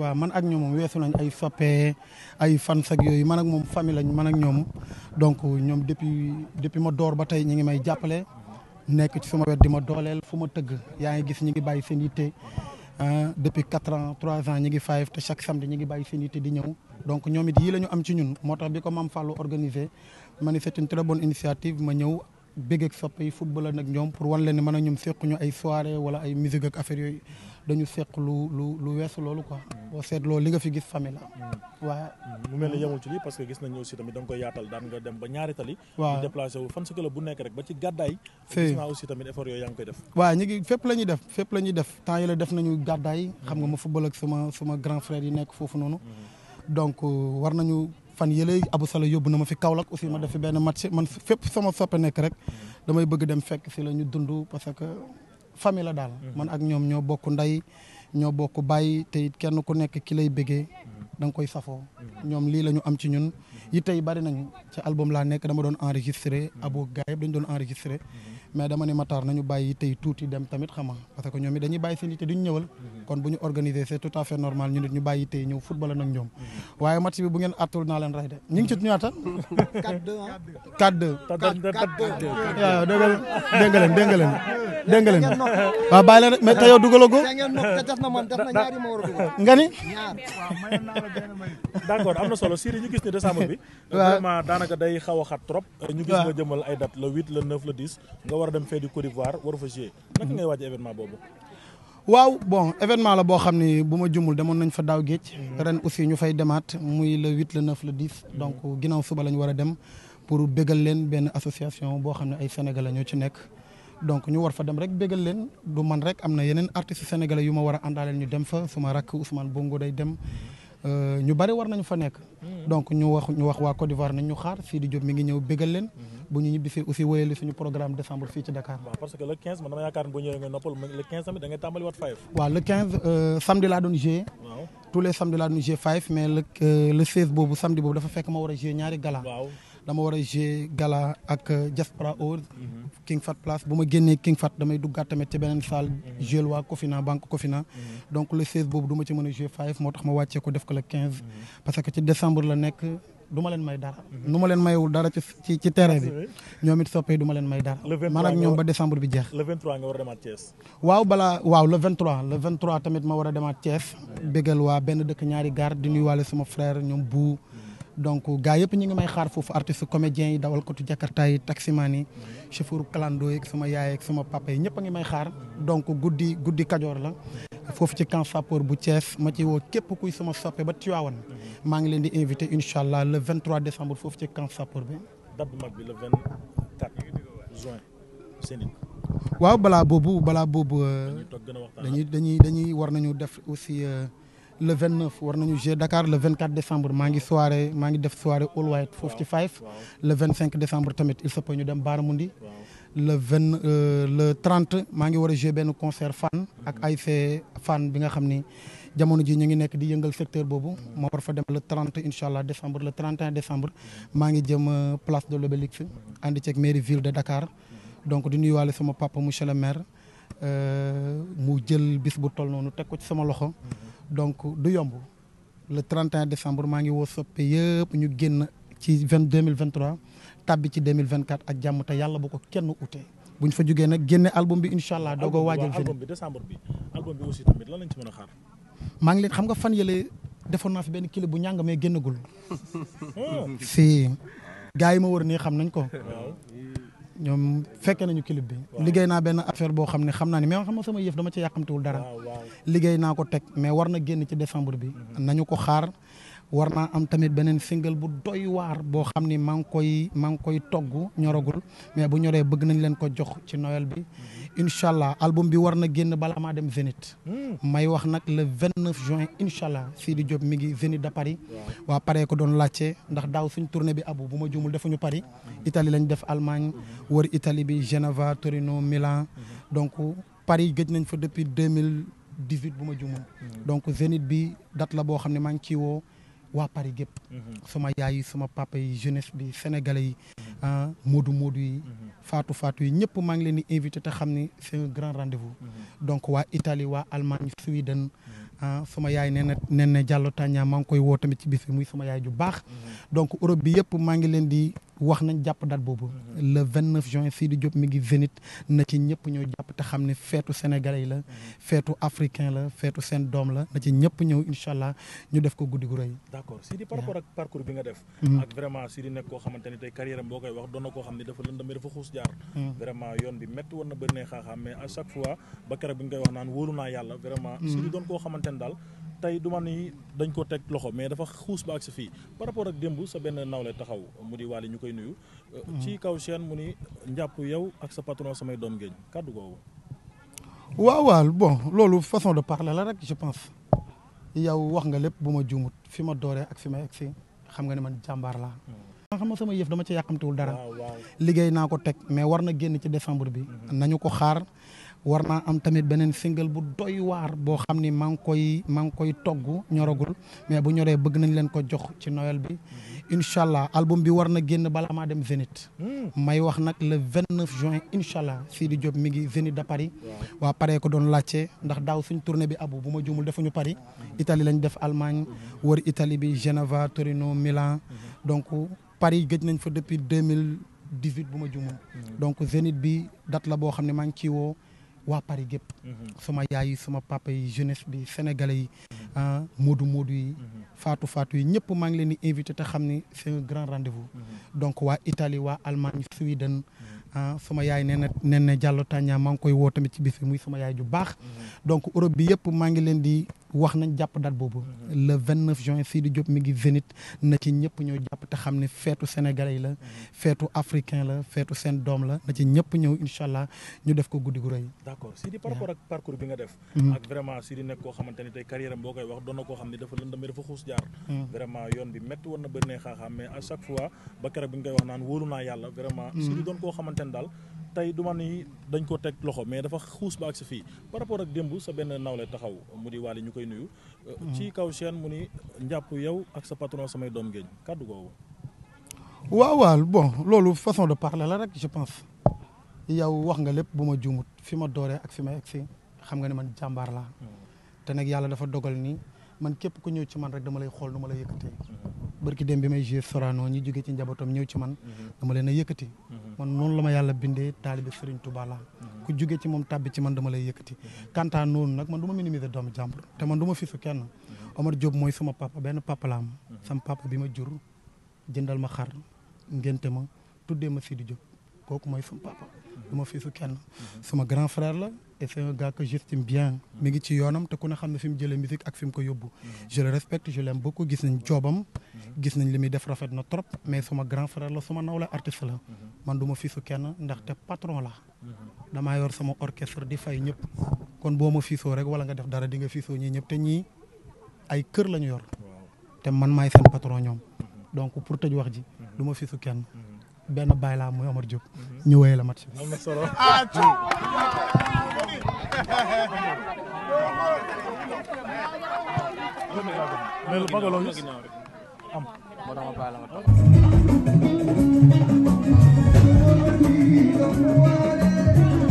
waaw man ak ñoom moom weesu nañ ay soppee ay fans ak yooyu man ak moom famille lañ man ak ñoom donc ñoom depuis depuis ma door ba tey ñi ngi may jàppale nekk ci sama wet di ma dooleel fu ma tëgg yaa ngi gis ñi ngi bàyyi seen yitte depuis quatre ans trois ans ñi ngi five te chaque samedi ñi ngi bàyyi seen yitte di ñëw donc ñoom it yii la ñu am ci ñun moo tax bi ko Mame Fallou organisé ma ne c'est une initiative ma ñëw bégg ak soppe yi football nag ñoom pour wan leen ne mën a ñoom seq ñu ay wala ay musique ak yooyu dañu seq lu lu lu loolu quoi. Mm. boo seetloo li nga fi gis famille la. Mm. waaw mm. mu mel ni yemul ci lii parce que gis nañu aussi tamit da nga koy yaatal daan nga dem ba ñaari tali. waaw di déplacé wu fan si club bu nekk rek ba ci gàddaay. gis naa aussi tamit effort yooyu yaa ngi koy def. waaw ñu ngi fépp la ñuy def fépp la ñuy temps yi def nañu gàddaay. xam nga ma football ak sama sama grand frère yi nekk foofu noonu. donc euh, war nañu fan yële Abou yóbbu na ma fi Kaolack aussi ma def si la ñu dund parce que famille la daal. Mhm. man ak ñoom ñoo bokk ndey ñoo bokk bàyyi tey it kenn ku nekk ki lay bëggee mhm. da koy safoo. Mhm. ñoom lii la ñu am ci ñun. yi tey bari nañu ci album laa nekk dama doon enregistré. Abo Gaye dañu doon enregistré. mais dama ne Matar nañu bàyyi tey tuuti dem tamit xama parce que ñoom it dañuy bàyyi seen yitte duñ ñëwal kon bu ñu organiser c'est tout à fait normal ñu nit ñu bàyyi tey ñëw football nag ñoom waaye match bi bu ngeen attul naa leen rey de ñu ngi ci ñaata 4-2 4-2 waaw dégg dégg leen dégg leen nga ni daanaka day xaw a xat trop ñu gis nga jëmal ay date le 8 le 9 le 10 war a dem fee di waaw bon événement la boo xam ni bu ma jumul demoon nañ fa daaw géej. Mhm. ren aussi ñu fay demaat muy le huit le neuf le dix. Mhm. donc ginnaaw suba la ñu war a dem pour bégal leen benn association boo xam ne ay sénégalais ñoo ci nekk. donc ñu war fa dem rek bégal leen du man rek am na yeneen artistes sénégalais yu ma war a àndaaleel ñu dem fa suma rakk Ousmane Bongo day dem. Mhm. Euh, ñu bari war nañu fa nekk. donc ñu wax ñu wax waa Côte d'Ivoire nañ ñu xaar Sidi Diop mi ngi ñëw bégal leen. bu ñu ñibbi fi aussi wéyale suñu programme décembre fii ci Dakar. waaw parce que le 15 man dama noppal le 15 tamit da ngay euh, laa doon joué. five mais le euh, le 16 boobu samedi boobu dafa fekk ma war a joué ñaari gala. waaw dama war a joué gala ak Jaspra euh, Oud. Mhm. King Fat Place bu ma génnee King Fat damay duggaat tamit ci beneen salle. Mhm. joué waa Cofina banque Cofina. Mhm. donc le 16 boobu du ci mën a joué five moo tax ma wàccee ko def ko le parce que ci décembre duma leen may dara. Mhm. nu ma leen mayewul dara ci ci ci bi. ñoom it soppe du leen may dara. man ak ñoom ba décembre bi jeex. le 23 a demaat Thiès. waaw balaa waaw le 23 tamit ma war a demaat Thiès. bégal waa benn dëkk ñaari gaar di nuyuwaale sama frère ñoom bu donc gars yëpp ñu ngi may xaar foofu artiste comédiens yi dawal kotu jakarta yi taximan yi chauffeur kalando yeeg sama yaay ak sama papa yi ñëpp a ngi may xaar donc guddi guddi kajoor la foofu ci camp Sapeur bu cees ma ci woo képp kuy sama soppe ba Tivaouane maa ngi leen di invité incha allah le 23 décembre foofu ci camp Sapeur bi. date bu mag bi le 24 juin waaw balaa boobu balaa boobu euh, dañuy dañuy dañuy war nañu def aussi euh, le 29 war nañu jouer Dakar le 24 décembre maa ngi soirée maa ngi def soirée all white foofu ci five le 25 décembre tamit il se peut ñu dem Baaramundi le vingt euh, trente maa ngi war a jouer benn concert fan ak ay fee fan bi nga xam ni jamono ji ñu ngi nekk di yëngal secteur boobu ma war fa dem le trente incha allah décembre le trente et un décembre maa ngi jëm euh, place de l'Obélisque ànd ceeg mairie ville de Dakar donc di nuyuwaale sama papa monsieur le maire euh, mu jël bis bu toll noonu teg ko ci sama loxo donc du yomb le 31 décembre maa ngi woo soppe yëpp ñu génn ci vingt deux mille vingt trois tàbbi ci 2024 ak jàmm te yàlla bu ko kenn ute buñ fa jógee nag génne album bi incha allah doog waajal fi maa ngi leen xam nga fan yële defoon naa fi benn clip bu ñàng mais génnagul. fii oh. gars yi ma wër nii xam nañ ko. ñoom fekkee nañu clip bi. liggéey naa benn affaire boo xam ne xam naa ne mais xam nga sama yëf dama ci yàqamtiwul dara. liggéey naa ko teg mais war na génn ci décembre bi. Mhm. nañu ko xaar. war naa am tamit beneen single bu doy waar boo xam ni maa koy maa ngi koy togg ñoragul mais bu ñoree bëgg nañ leen ko jox ci Noël bi mm-hmm. incha allah album bi war na génn bala maa dem Zénith. Mm. may wax nag la le 29 juin incha allah di Diop mi ngi Zénith de Paris. waa Paris ko doon laajte ndax daaw suñ tournée bi abu bu ma jumul defuñu Paris. Mm-hmm. Italie lañ def Allemagne mm-hmm. war itali bi Genova Torino Milan donc Paris gëj nañ fa depuis 2018 bu ma juumul. donc Zénith bi dat la boo xam ne maa ngi ciy woo. waa Paris gépp mhm. sama yaay yi sama papa yi jeunesse bi sénégalais yi mhm. ah moodu moodu yi mhm. faatu faatu yi ñëpp maa ngi xam ni c'est grand rendez donc waa Italie waa Allemagne Suède ah sama yaay nee na nee na Diallo Tagna maa koy woo tamit ci bis bi muy sama yaay ju baax. Mhm. donc Europe bi yëpp maa ngi leen di wax nañ jàpp date boobu. Mhm. le 29 juin Sidi Diop mi ngi Zénith na ci ñëpp ñëw jàpp te xam ne feetu sénégalais la. Mhm. feetu africain la feetu seen doom la na ci ñëpp ñëw incha allah ñu def ko guddi gu rëy. d'accord Sidi par rapport ak parcours bi nga def. ak vraiment Sidi nekk koo xamante tey carrière boo koy wax doon na koo xam ne dafa lëndëm hmm. mais à xamante ne daal tey du ma dañ ko teg loxo mais dafa xuus ba ak sa fii par rapport ak démb sa benn nawle taxaw mu di Waly ñu koy nuyu. Mm-hmm. ci kaw chaîne mu ni njàpp yow ak sa patron samay doom ngeen kàddu googu. waaw waaw bon loolu façon de parler la rek je pense yow wax nga lépp bu ma juumut fi ma dooree ak si ma si xam nga ne man jàmbaar laa. man mm. xam nga sama yëf dama ci yàqamtewul dara. liggéey naa ko teg mais war na génn ci décembre bi. Mm-hmm. nañu ko xaar. war naa am tamit beneen single bu doy waar boo xam ni maa koy maa ngi koy togg ñoragul mais bu ñoree bëgg nañ leen ko jox ci Noël bi mm-hmm. incha allah album bi war na génn bala maa dem Zénith. Mm. may wax nag le 29 juin incha allah di Diop mi ngi Zénith de Paris. waa paree ko doon laajte ndax daaw suñ tournée bi abu bu ma jumul defuñu Paris. Mm-hmm. itali lañ def Allemagne mm-hmm. war itali bi Genova Torino Milan donc Paris gëj nañ fa depuis 2018 bu ma juumul. donc Zénith bi date la boo xam ne maa ngi ciy woo. waa Paris gépp mhm. sama yaay yi sama papa yi jeunesse bi sénégalais yi mhm. ah moodu moodu yi mhm. faatu faatu yi ñëpp maa ngi leen di invité te xam ni c'est grand rendez donc waa Italie waa Allemagne Suède ah sama yaay nee na nee na Diallo Tagna maa ngi koy woo tamit ci bis bi muy sama yaay ju baax donc Europe bi maa ngi leen di wax nañ jàpp date boobu. le vingt neuf juin Sidi Diop mi ngi Zénith na ci ñëpp ñëw jàpp te xam ne feetu sénégalais la feetu africain la feetu seen doom la na ci ñëpp ñëw incha allah ñu def ko guddi gu rëy. d'accord Sidi par rapport ak parcours bi nga def. Mm-hmm. ak vraiment Sidi nekk koo xamante ni tey carrière am boo koy wax doon na koo xam ne dafa lëndëm dafa xuus jaar. Mm-hmm. vraiment yoon bi métti woon na bëri xaaxaam mais à chaque fois ba keroog bi nga koy wax naan wóolu naa yàlla vraiment. Mm-hmm. Sidi doon xamante ni daal. tey du ma ni dañ ko teg loxo mais dafa xuus ba ak sa fii par rapport ak démb sa benn nawle taxaw mu di Waly ñu koy nuyu. Mm-hmm. ci kaw chaîne mu ni njàpp yow ak sa patron samay doom ngeen kàddu googu. waaw waaw bon loolu façon de parler la rek je pense yow wax nga lépp bu ma juumut fi ma dooree ak fi ma egsi xam nga ne man jàmbaar la mm-hmm. te nag yàlla dafa dogal ni man képp ku ñëw ci man rek dama lay xool nu ma lay yëkkatee. Mm-hmm. barki dem bi may joué Sorano ñu jóge ci njabootam ñëw ci man. dama leen a yëkkati. man noonu la ma yàlla bindee taalibe Serigne Touba ku jóge ci moom tàbbi ci man dama lay yëkkati kantaa noonu nag man du ma minimiser doomu jàmbur te man du ma fisu ma Omar Diop mooy sama papa benn papa la sama papa bi ma jur jëndal ma xar ngente ma tuddee ma Sidi Diop kooku mooy sama papa du ma grand frère la et c'est un gars que bien mi ngi ci yoonam te ku ne xam ne fi mu jëlee musique ak fi mu ko yóbbu je le respecte je l'aime gis nañ joobam gis nañ li muy def rafet na trop mais suma grand frère la sama nawle artiste la man du ma fiisu kenn ndax te patron la damaa yor sama orchestre di fay ñëpp kon boo ma fiisoo rek wala nga def dara di nga fiisoo ñii ñëpp te ñii ay kër la ñu yor te man maay seen patron ñoom donc pour tëj wax benn baay laa muy Omar Diop. ñu wéyal match bi. am na solo. Ah, am.